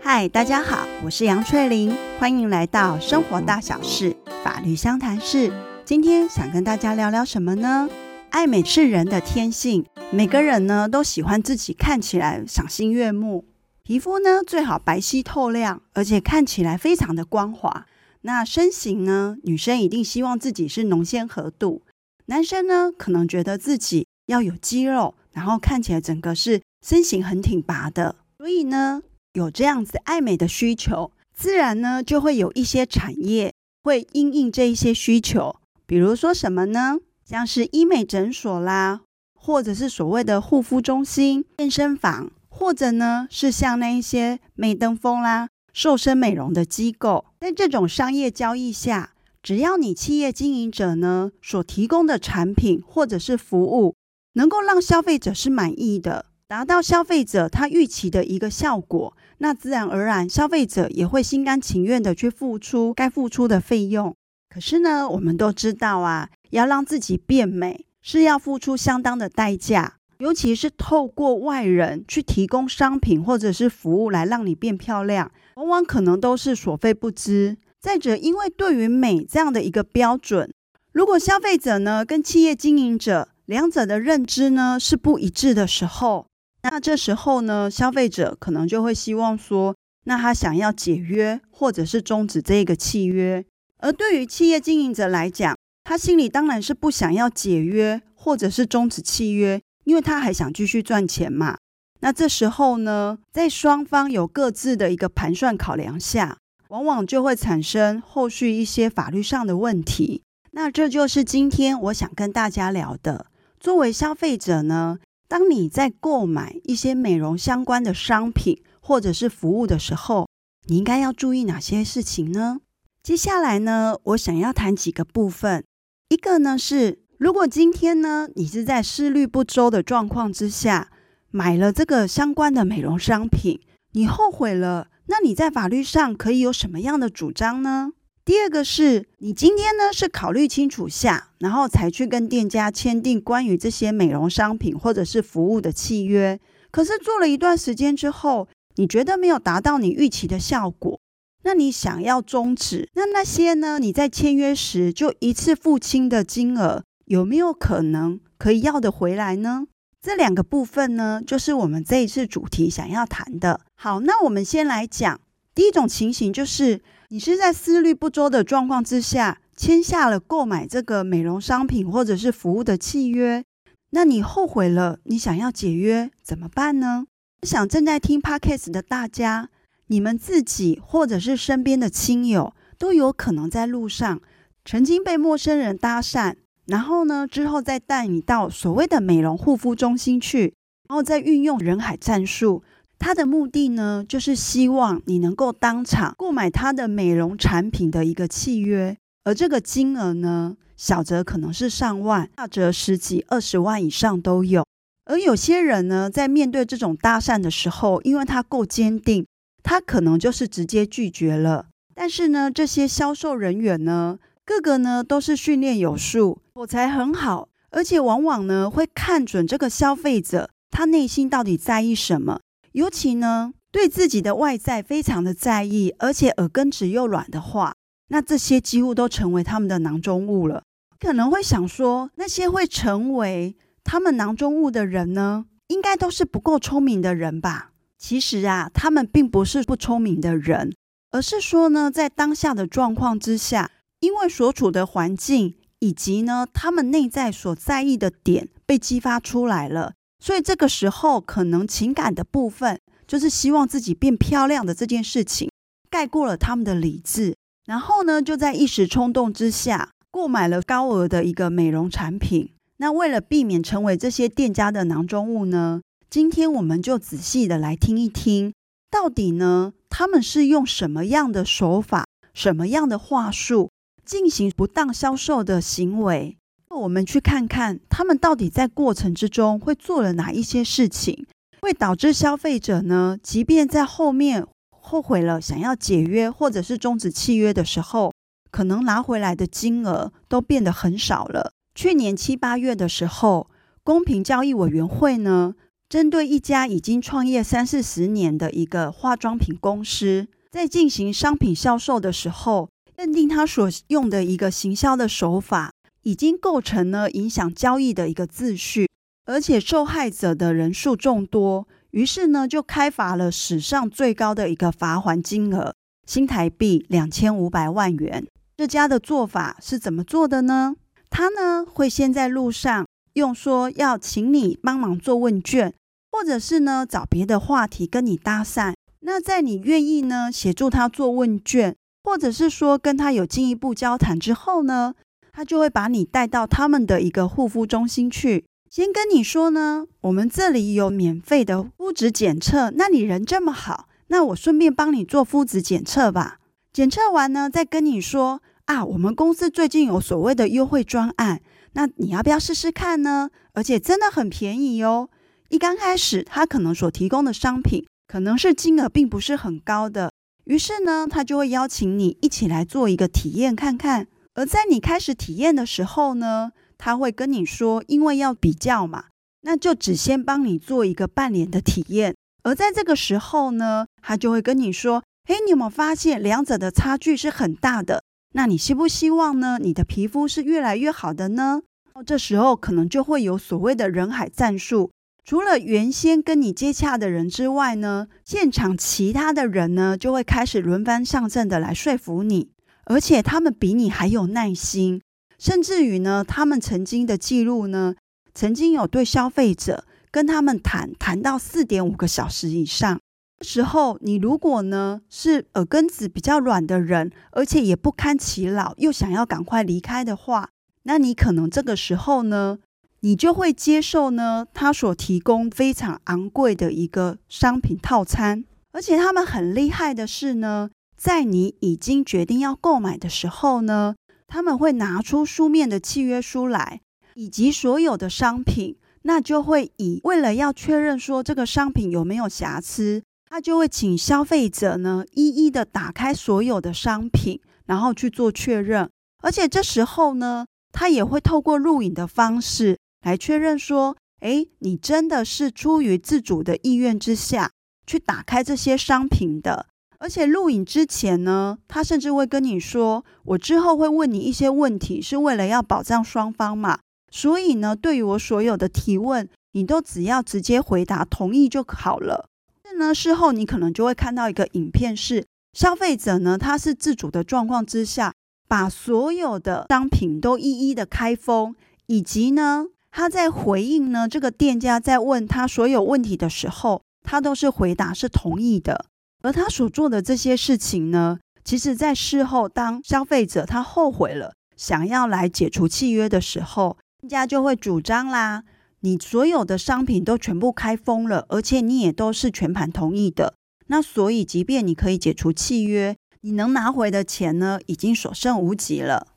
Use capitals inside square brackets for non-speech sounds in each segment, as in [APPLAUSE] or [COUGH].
嗨，Hi，大家好，我是楊翠玲，歡迎來到生活大小事法律相談室。今天想跟大家聊聊什麼呢？愛美是人的天性，每個人呢都喜歡自己看起來賞心悅目，皮膚呢最好白皙透亮，而且看起來非常的光滑。那身形呢？女生一定希望自己是濃先和度，男生呢，可能覺得自己要有肌肉，然後看起來整個是身形很挺拔的。所以呢，有這樣子愛美的需求，自然呢就會有一些產業會因應這一些需求。比如說什麼呢？像是醫美診所啦，或者是所謂的護膚中心、健身房，或者呢是像那一些美登峰啦、瘦身美容的機構。在這種商業交易下，只要你企業經營者呢所提供的產品或者是服務能夠讓消費者是滿意的，達到消費者他預期的一個效果，那自然而然消費者也會心甘情願地去付出該付出的費用。可是呢，我們都知道啊，要讓自己變美是要付出相當的代價，尤其是透過外人去提供商品或者是服務來讓你變漂亮。往往可能都是所費不貲。再者，因為對於美這樣的一個標準，如果消費者呢跟企業經營者兩者的認知呢是不一致的時候，那這時候呢，消費者可能就會希望說，那他想要解約或者是終止這個契約。而對於企業經營者來講，他心裡當然是不想要解約或者是終止契約，因為他還想繼續賺錢嘛。那這時候呢，在雙方有各自的一個盤算考量下，往往就會產生後續一些法律上的問題。那這就是今天我想跟大家聊的。作為消費者呢，當你在購買一些美容相關的商品或者是服務的時候，你應該要注意哪些事情呢？接下來呢，我想要談幾個部分。一個呢是，如果今天呢，你是在思慮不周的狀況之下。買了這個相關的美容商品，你後悔了，那你在法律上可以有什麼樣的主張呢？第二個是你今天呢是考慮清楚下，然後才去跟店家簽訂關於這些美容商品或者是服務的契約，可是做了一段時間之後，你覺得沒有達到你預期的效果，那你想要終止，那那些呢你在簽約時就一次付清的金額，有沒有可能可以要得回來呢？這兩個部分呢，就是我們這一次主題想要談的。好，那我們先來講第一種情形，就是你是在思慮不周的狀況之下簽下了購買這個美容商品或者是服務的契約，那你後悔了，你想要解約怎麼辦呢？想正在聽 Podcast 的大家，你們自己或者是身邊的親友都有可能在路上曾經被陌生人搭訕。然後呢，之後再帶你到所謂的美容護膚中心去，然後再運用人海戰術。他的目的呢，就是希望你能夠當場購買他的美容產品的一個契約，而這個金額呢，小則可能是上萬，大則十幾、二十萬以上都有。而有些人呢，在面對這種搭訕的時候，因為他夠堅定，他可能就是直接拒絕了。但是呢，這些銷售人員呢，個個呢都是訓練有素，口才很好，而且往往呢會看準這個消費者他內心到底在意什麼，尤其呢對自己的外在非常的在意，而且耳根子又軟的話，那這些幾乎都成為他們的囊中物了。可能會想說，那些會成為他們囊中物的人呢，應該都是不夠聰明的人吧？其實啊，他們並不是不聰明的人，而是說呢，在當下的狀況之下，因為所處的環境以及呢，他們內在所在意的點被激發出來了，所以這個時候可能情感的部分就是希望自己變漂亮的這件事情蓋過了他們的理智，然後呢，就在一時衝動之下購買了高額的一個美容產品。那為了避免成為這些店家的囊中物呢，今天我們就仔細地來聽一聽，到底呢他們是用什麼樣的手法，什麼樣的話術，進行不當銷售的行為，那我們去看看他們到底在過程之中會做了哪一些事情，會導致消費者呢，即便在後面後悔了，想要解約或者是終止契約的時候，可能拿回來的金額都變得很少了。去年七八月的時候，公平交易委員會呢，針對一家已經創業三四十年的一個化妝品公司，在進行商品銷售的時候，認定他所用的一個行銷的手法已經構成了影響交易的一個秩序，而且受害者的人數眾多，於是呢，就開罰了史上最高的一個罰鍰金額，新台幣兩千五百萬元。這家的做法是怎麼做的呢？他呢會先在路上用說要請你幫忙做問卷，或者是呢找別的話題跟你搭訕，那在你願意呢協助他做問卷。或者是說跟他有進一步交談之後呢，他就會把你帶到他們的一個護膚中心去。先跟你說呢，我們這裡有免費的膚質檢測。那你人這麼好，那我順便幫你做膚質檢測吧。檢測完呢，再跟你說啊，我們公司最近有所謂的優惠專案，那你要不要試試看呢？而且真的很便宜喲，一剛開始，他可能所提供的商品可能是金額並不是很高的。於是呢，他就會邀請你一起來做一個體驗看看。而在你開始體驗的時候呢，他會跟你說，因為要比較嘛，那就只先幫你做一個半臉的體驗。而在這個時候呢，他就會跟你說，嘿，你有沒有發現兩者的差距是很大的？那你希不希望呢，你的皮膚是越來越好的呢？這時候可能就會有所謂的人海戰術。除了原先跟你接洽的人之外呢，現場其他的人呢，就會開始輪番上陣的來說服你，而且他們比你還有耐心，甚至於呢，他們曾經的記錄呢，曾經有對消費者跟他們談談到四點五個小時以上。這時候，你如果呢是耳根子比較軟的人，而且也不堪其勞，又想要趕快離開的話，那你可能這個時候呢。你就會接受呢，他所提供非常昂貴的一個商品套餐，而且他們很厲害的是呢，在你已經決定要購買的時候呢，他們會拿出書面的契約書來，以及所有的商品，那就會以為了要確認說這個商品有沒有瑕疵，他就會請消費者呢一一的打開所有的商品，然後去做確認，而且這時候呢，他也會透過錄影的方式。來確認說，哎，你真的是出於自主的意願之下去打開這些商品的，而且錄影之前呢，他甚至會跟你說，我之後會問你一些問題，是為了要保障雙方嘛。所以呢，對於我所有的提問，你都只要直接回答同意就好了。那呢，事後你可能就會看到一個影片是，是消費者呢，他是自主的狀況之下，把所有的商品都一一的開封，以及呢。他在回應呢，這個店家在問他所有問題的時候，他都是回答是同意的。而他所做的這些事情呢，其實，在事後當消費者他後悔了，想要來解除契約的時候，店家就會主張啦，你所有的商品都全部開封了，而且你也都是全盤同意的。那所以，即便你可以解除契約，你能拿回的錢呢，已經所剩無幾了。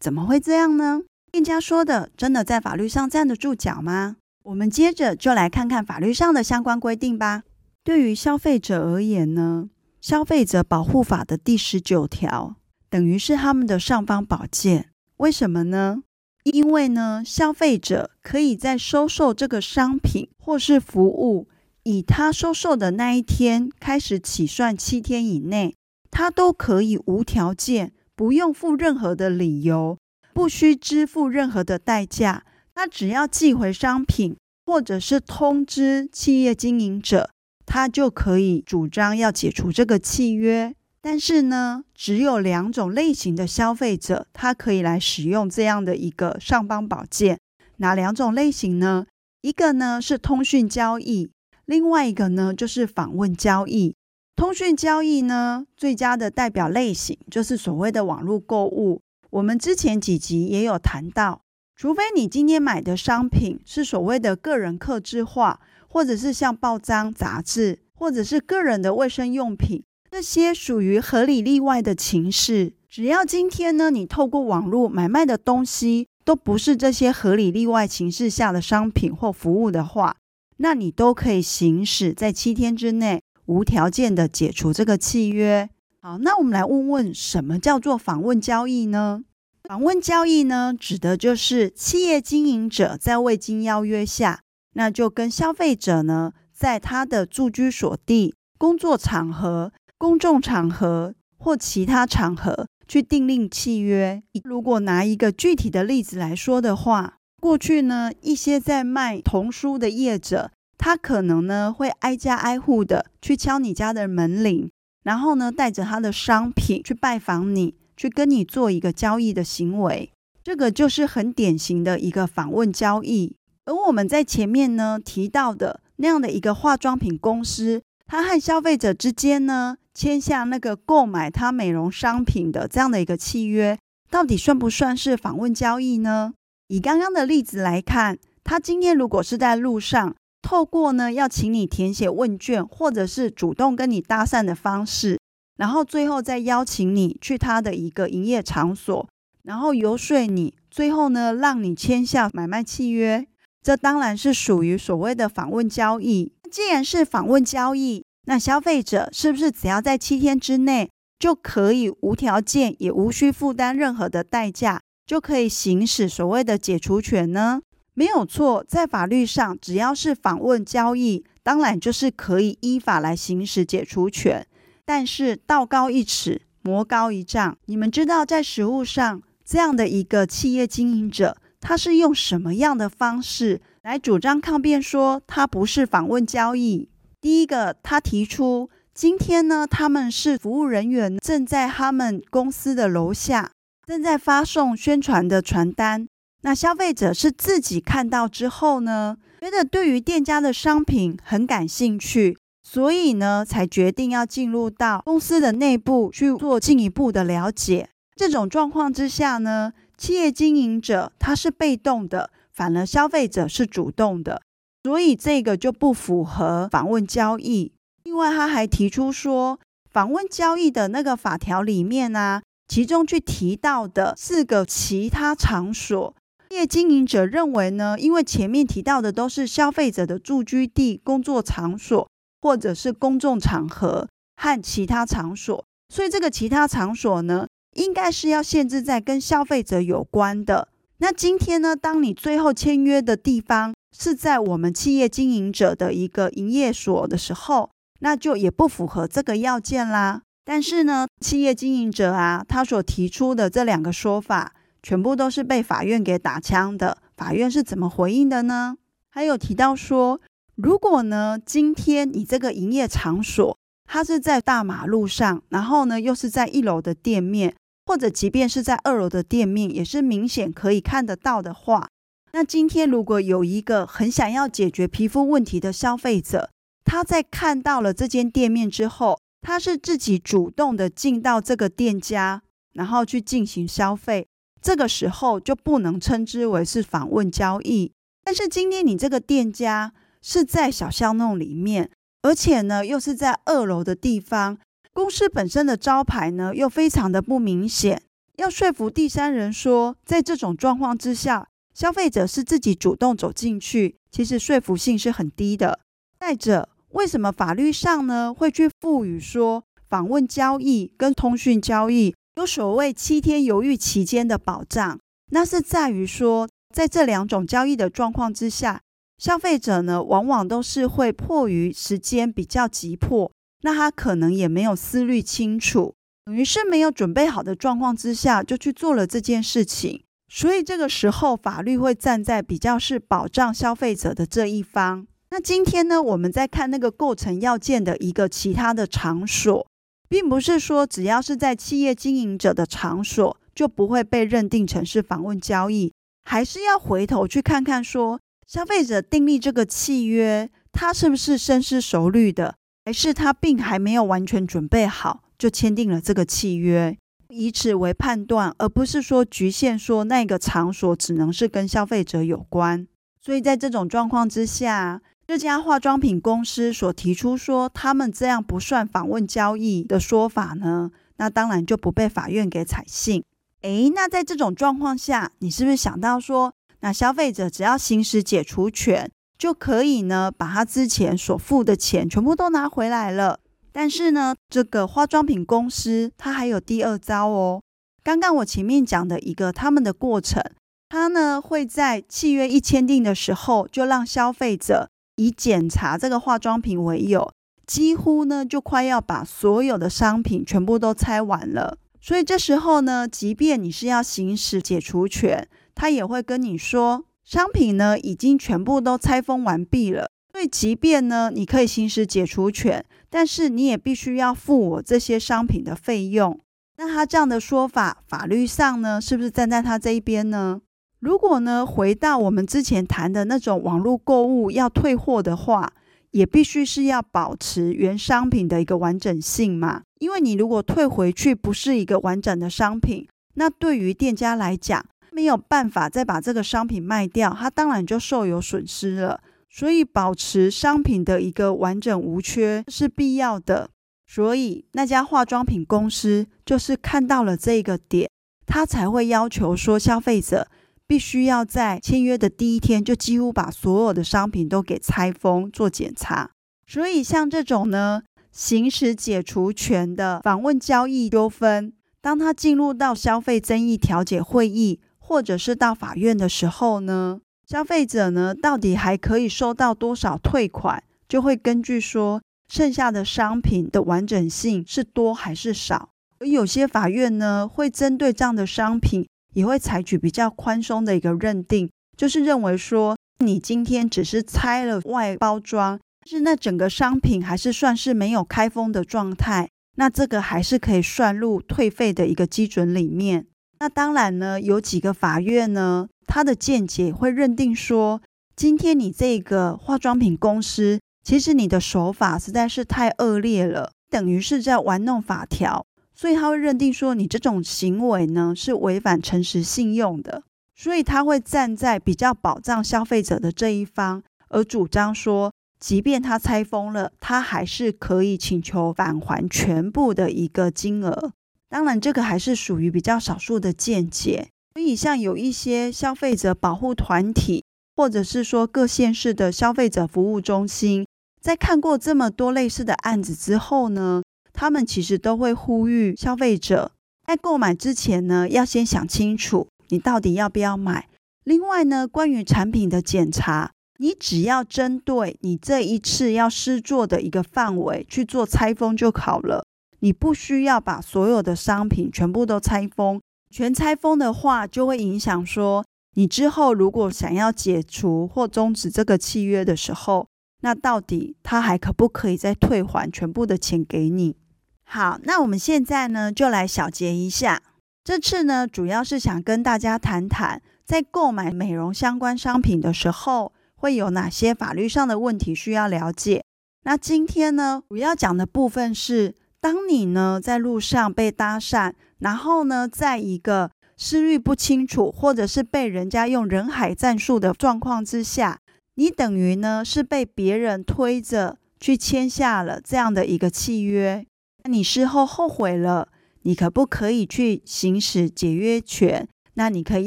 怎麼會這樣呢？店家說的真的在法律上站得住腳嗎？我們接着就來看看法律上的相關規定吧。對於消費者而言呢，《消費者保護法》的第十九條等於是他們的尚方寶劍。為什麼呢？因為呢，消費者可以在收受這個商品或是服務，以他收受的那一天開始起算七天以內，他都可以無條件、不用附任何的理由。不需支付任何的代價，他只要寄回商品，或者是通知企業經營者，他就可以主張要解除這個契約。但是呢，只有兩種類型的消費者，他可以來使用這樣的一個尚方寶劍。哪兩種類型呢？一個呢是通訊交易，另外一個呢就是訪問交易。通訊交易呢，最佳的代表類型就是所謂的網絡購物。我們之前幾集也有談到，除非你今天買的商品是所謂的個人客製化，或者是像報章、雜誌，或者是個人的衛生用品，那些屬於合理例外的情勢。只要今天呢，你透過網絡買賣的東西都不是這些合理例外情勢下的商品或服務的話，那你都可以行使在七天之內無條件的解除這個契約。好，那我們來問問，什麼叫做訪問交易呢？訪問交易呢，指的就是企業經營者在未經邀約下，那就跟消費者呢，在他的住居所地、工作場合、公眾場合或其他場合去訂立契約。如果拿一個具體的例子來說的話，過去呢，一些在賣童書的業者，他可能呢會挨家挨戶的去敲你家的門鈴，然後呢帶着他的商品去拜訪你。去跟你做一個交易的行為，這個就是很典型的一個訪問交易。而我們在前面呢提到的那樣的一個化妝品公司，它和消費者之間呢簽下那個購買它美容商品的這樣的一個契約，到底算不算是訪問交易呢？以剛剛的例子來看，他今天如果是在路上，透過呢要請你填寫問卷，或者是主動跟你搭訕的方式。然後最後再邀請你去他的一個營業場所，然後遊說你，最後呢讓你簽下買賣契約。這當然是屬於所謂的訪問交易。既然是訪問交易，那消費者是不是只要在七天之內就可以無條件也無需負擔任何的代價，就可以行使所謂的解除權呢？沒有錯，在法律上，只要是訪問交易，當然就是可以依法來行使解除權。但是道高一尺，魔高一丈。你們知道，在實務上這樣的一個企業經營者，他是用什麼樣的方式來主張抗辯，說他不是訪問交易？第一個，他提出今天呢，他們是服務人員正在他們公司的樓下正在發送宣傳的傳單，那消費者是自己看到之後呢，覺得對於店家的商品很感興趣。所以呢，才決定要進入到公司的內部去做進一步的了解。這種狀況之下呢，企業經營者他是被動的，反而消費者是主動的，所以這個就不符合訪問交易。另外，他還提出說，訪問交易的那個法條裡面啊，其中去提到的四個其他場所，企業經營者認為呢，因為前面提到的都是消費者的住居地、工作場所，或者是公眾場合和其他場所，所以這個其他場所呢，應該是要限制在跟消費者有關的。那今天呢，當你最後簽約的地方是在我們企業經營者的一個營業所的時候，那就也不符合這個要件啦。但是呢，企業經營者啊，他所提出的這兩個說法，全部都是被法院給打槍的。法院是怎麼回應的呢？還有提到說。如果呢，今天你這個營業場所它是在大馬路上，然後呢又是在一樓的店面，或者即便是在二樓的店面，也是明顯可以看得到的話，那今天如果有一個很想要解決皮膚問題的消費者，他在看到了這間店面之後，他是自己主動的進到這個店家，然後去進行消費，這個時候就不能稱之為是訪問交易。但是今天你這個店家，是在小巷弄裡面，而且呢，又是在二樓的地方。公司本身的招牌呢，又非常的不明顯。要說服第三人說，在這種狀況之下，消費者是自己主動走進去，其實說服性是很低的。再者，為什麼法律上呢會去賦予說訪問交易跟通訊交易有所謂七天猶豫期間的保障？那是在於說，在這兩種交易的狀況之下。消費者呢，往往都是會迫於時間比較急迫，那他可能也沒有思慮清楚，等於是沒有準備好的狀況之下就去做了這件事情。所以這個時候，法律會站在比較是保障消費者的這一方。那今天呢，我們在看那個構成要件的一個其他的場所，並不是說只要是在企業經營者的場所就不會被認定成是訪問交易，還是要回頭去看看說。消費者訂立這個契約，他是不是深思熟慮的，還是他並還沒有完全準備好就簽訂了這個契約？以此為判斷，而不是說局限說那個場所只能是跟消費者有關。所以在這種狀況之下，這家化妝品公司所提出說他們這樣不算訪問交易的說法呢，那當然就不被法院給採信。誒，那在這種狀況下，你是不是想到說？那消費者只要行使解除權，就可以呢把他之前所付的錢全部都拿回來了。但是呢，這個化妝品公司它還有第二招哦。剛剛我前面講的一個他們的過程，它呢會在契約一簽訂的時候，就讓消費者以檢查這個化妝品為由，幾乎呢就快要把所有的商品全部都拆完了。所以這時候呢，即便你是要行使解除權，他也會跟你說，商品呢已經全部都拆封完畢了，所以即便呢你可以行使解除權，但是你也必須要付我這些商品的費用。那他這樣的說法，法律上呢是不是站在他這一邊呢？如果呢回到我們之前談的那種網絡購物要退貨的話，也必須是要保持原商品的一個完整性嘛。因為你如果退回去不是一個完整的商品，那對於店家來講，沒有辦法再把這個商品賣掉，他當然就受有損失了。所以保持商品的一個完整無缺是必要的。所以那家化妝品公司就是看到了這個點，他才會要求說消費者必須要在簽約的第一天就幾乎把所有的商品都給拆封做檢查。所以像這種呢，行使解除權的訪問交易糾紛，當他進入到消費爭議調解會議，或者是到法院的時候呢，消費者呢到底還可以收到多少退款，就會根據說剩下的商品的完整性是多還是少。而有些法院呢會針對這樣的商品，也會採取比較寬鬆的一個認定，就是認為說你今天只是拆了外包裝，但是那整個商品還是算是沒有開封的狀態，那這個還是可以算入退費的一個基準裡面。那當然呢，有幾個法院呢，他的見解會認定說，今天你這個化妝品公司，其實你的手法實在是太惡劣了，等於是在玩弄法條，所以他會認定說，你這種行為呢是違反誠實信用的，所以他會站在比較保障消費者的這一方，而主張說，即便他拆封了，他還是可以請求返還全部的一個金額。當然，這個還是屬於比較少數的見解。所以，像有一些消費者保護團體，或者是說各縣市的消費者服務中心，在看過這麼多類似的案子之後呢，他們其實都會呼籲消費者在購買之前呢，要先想清楚你到底要不要買。另外呢，關於產品的檢查，你只要針對你這一次要施作的一個範圍去做拆封就好了。你不需要把所有的商品全部都拆封，全拆封的話就會影響說你之後如果想要解除或終止這個契約的時候，那到底他還可不可以再退還全部的錢給你？好，那我們現在呢就來小結一下，這次呢主要是想跟大家談談在購買美容相關商品的時候會有哪些法律上的問題需要了解。那今天呢主要講的部分是。當你呢在路上被搭訕，然後呢在一個思慮不清楚，或者是被人家用人海戰術的狀況之下，你等於呢是被別人推着去簽下了這樣的一個契約。那你事後後悔了，你可不可以去行使解約權？那你可以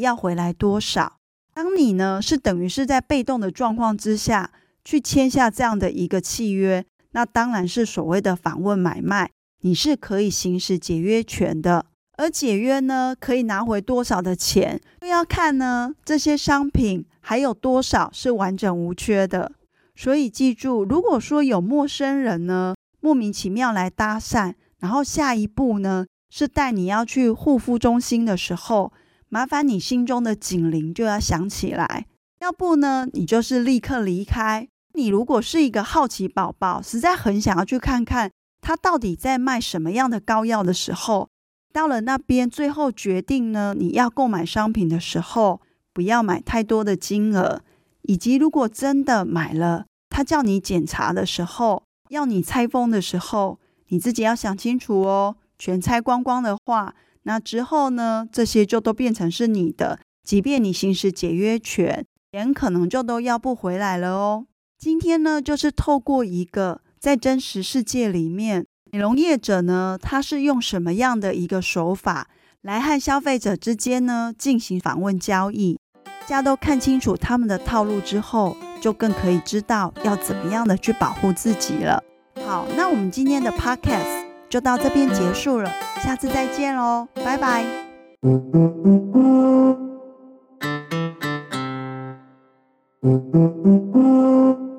要回來多少？當你呢是等於是在被動的狀況之下去簽下這樣的一個契約，那當然是所謂的訪問買賣。你是可以行使解約權的，而解約呢，可以拿回多少的錢，就要看呢這些商品還有多少是完整無缺的。所以記住，如果說有陌生人呢莫名其妙來搭訕，然後下一步呢是帶你要去護膚中心的時候，麻煩你心中的警鈴就要響起來，要不呢你就是立刻離開。你如果是一個好奇寶寶，實在很想要去看看。他到底在賣什麼樣的膏藥的時候，到了那邊最後決定呢，你要購買商品的時候，不要買太多的金額，以及如果真的買了，他叫你檢查的時候，要你拆封的時候，你自己要想清楚哦。全拆光光的話，那之後呢，這些就都變成是你的，即便你行使解約權，錢可能就都要不回來了哦。今天呢，就是透過一個。在真實世界裡面，美容業者呢，他是用什麼樣的一個手法來和消費者之間呢進行訪問交易？大家都看清楚他們的套路之後，就更可以知道要怎麼樣的去保護自己了。好，那我們今天的 Podcast 就到這邊結束了，下次再見嘍，拜拜。 [NOISE]